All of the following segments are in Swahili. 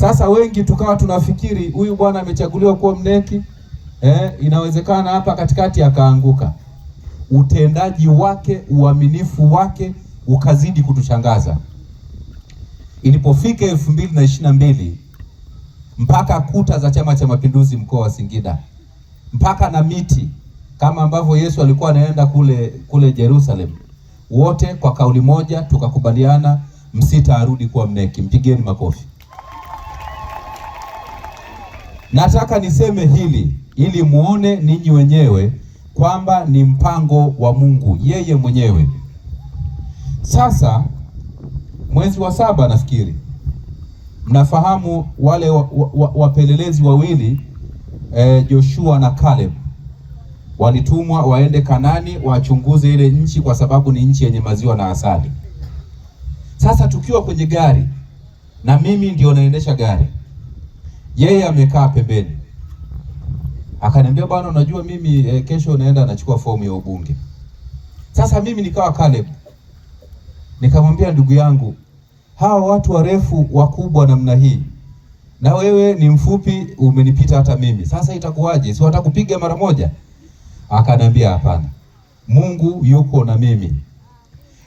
Sasa wengi tukawa tunafikiri huyu bwana amechaguliwa kuwa mneki eh, inawezekana hapa katikati akaanguka. Utendaji wake, uaminifu wake ukazidi kutushangaza. Ilipofika elfu mbili na ishirini na mbili mpaka kuta za Chama cha Mapinduzi mkoa wa Singida mpaka na miti kama ambavyo Yesu alikuwa anaenda kule kule Jerusalem, wote kwa kauli moja tukakubaliana, msita arudi kuwa mneki. Mpigeni makofi. Nataka niseme hili ili muone ninyi wenyewe kwamba ni mpango wa Mungu yeye mwenyewe. Sasa mwezi wa saba nafikiri mnafahamu wale wapelelezi wa, wa, wa wawili eh, Joshua na Caleb walitumwa waende Kanani wachunguze ile nchi, kwa sababu ni nchi yenye maziwa na asali. Sasa tukiwa kwenye gari na mimi ndio naendesha gari yeye amekaa pembeni akaniambia, bwana, unajua mimi e, kesho naenda nachukua fomu ya ubunge. Sasa mimi nikawa Caleb, nikamwambia ndugu yangu, hawa watu warefu wakubwa namna hii na wewe ni mfupi, umenipita hata mimi, sasa itakuwaje? si watakupiga mara moja? Akaniambia hapana, Mungu yuko na mimi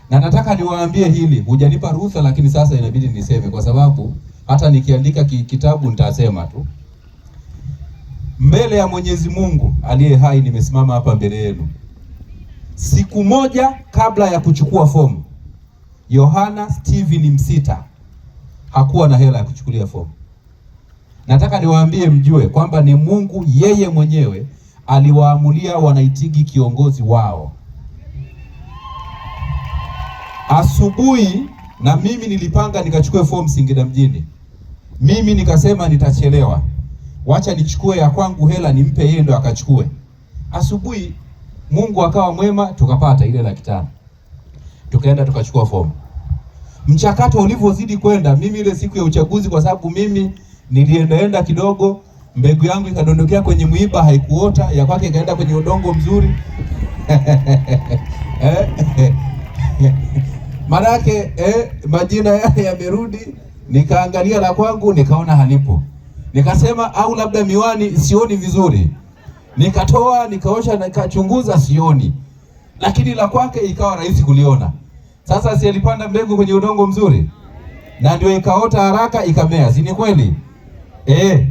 na nataka niwaambie hili. Hujanipa ruhusa, lakini sasa inabidi niseme kwa sababu hata nikiandika kitabu nitasema tu mbele ya Mwenyezi Mungu aliye hai, nimesimama hapa mbele yenu. Siku moja kabla ya kuchukua fomu, Yohana Steven Msita hakuwa na hela ya kuchukulia fomu. Nataka niwaambie mjue kwamba ni Mungu yeye mwenyewe aliwaamulia Wanaitigi kiongozi wao asubuhi na mimi nilipanga nikachukue fomu Singida mjini. Mimi nikasema nitachelewa, wacha nichukue ya kwangu hela nimpe yeye ndo akachukue. Asubuhi Mungu akawa mwema, tukapata ile laki tano, tukaenda tukachukua fomu. Mchakato ulivyozidi kwenda, mimi ile siku ya uchaguzi, kwa sababu mimi niliendaenda kidogo, mbegu yangu ikadondokea kwenye mwiba, haikuota ya kwake, ikaenda kwenye udongo mzuri eh? yake eh, majina yale yamerudi, nikaangalia la kwangu nikaona halipo, nikasema au labda miwani, sioni vizuri, nikatoa nikaosha, nikachunguza, sioni, lakini la kwake ikawa rahisi kuliona. Sasa si alipanda mbegu kwenye udongo mzuri na ndio ikaota haraka ikamea, si ni kweli eh?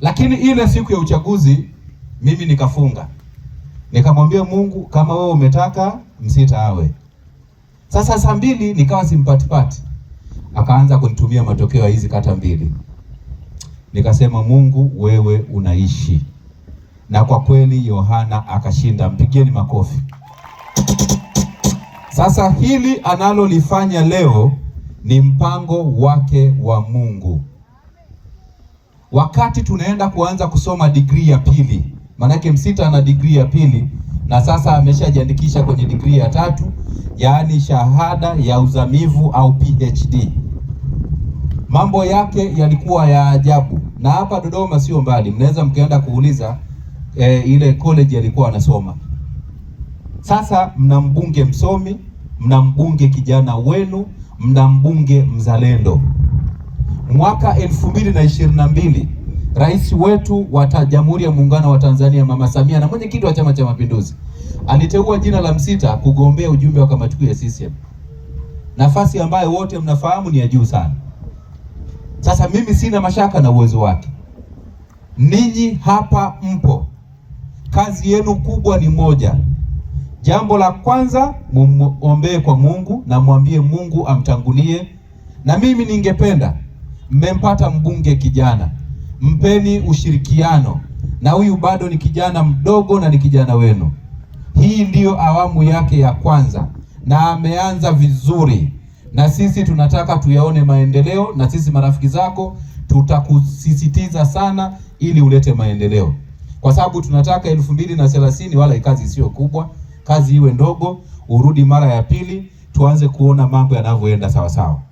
Lakini ile siku ya uchaguzi mimi nikafunga, nikamwambia Mungu, kama wewe umetaka msitaawe sasa saa mbili nikawa simpatipati, akaanza kunitumia matokeo ya hizi kata mbili. Nikasema Mungu wewe unaishi, na kwa kweli Yohana akashinda. Mpigieni makofi. Sasa hili analolifanya leo ni mpango wake wa Mungu. Wakati tunaenda kuanza kusoma digrii ya pili, maanake Msita ana digrii ya pili na sasa ameshajiandikisha kwenye digrii ya tatu yaani shahada ya uzamivu au PhD. Mambo yake yalikuwa ya ajabu, na hapa Dodoma sio mbali, mnaweza mkaenda kuuliza e, ile college alikuwa anasoma. Sasa mna mbunge msomi, mna mbunge kijana wenu, mna mbunge mzalendo. Mwaka elfu mbili na ishirini na mbili Rais wetu wa Jamhuri ya Muungano wa Tanzania Mama Samia na mwenyekiti wa Chama cha Mapinduzi aliteua jina la Msita kugombea ujumbe wa kamati kuu ya CCM, nafasi ambayo wote mnafahamu ni ya juu sana. Sasa mimi sina mashaka na uwezo wake. Ninyi hapa mpo, kazi yenu kubwa ni moja. Jambo la kwanza muombee kwa Mungu na mwambie Mungu amtangulie, na mimi ningependa mmempata mbunge kijana mpeni ushirikiano, na huyu bado ni kijana mdogo na ni kijana wenu. Hii ndiyo awamu yake ya kwanza na ameanza vizuri, na sisi tunataka tuyaone maendeleo, na sisi marafiki zako tutakusisitiza sana ili ulete maendeleo, kwa sababu tunataka elfu mbili na thelathini wala kazi isiyo kubwa, kazi iwe ndogo, urudi mara ya pili, tuanze kuona mambo yanavyoenda sawasawa.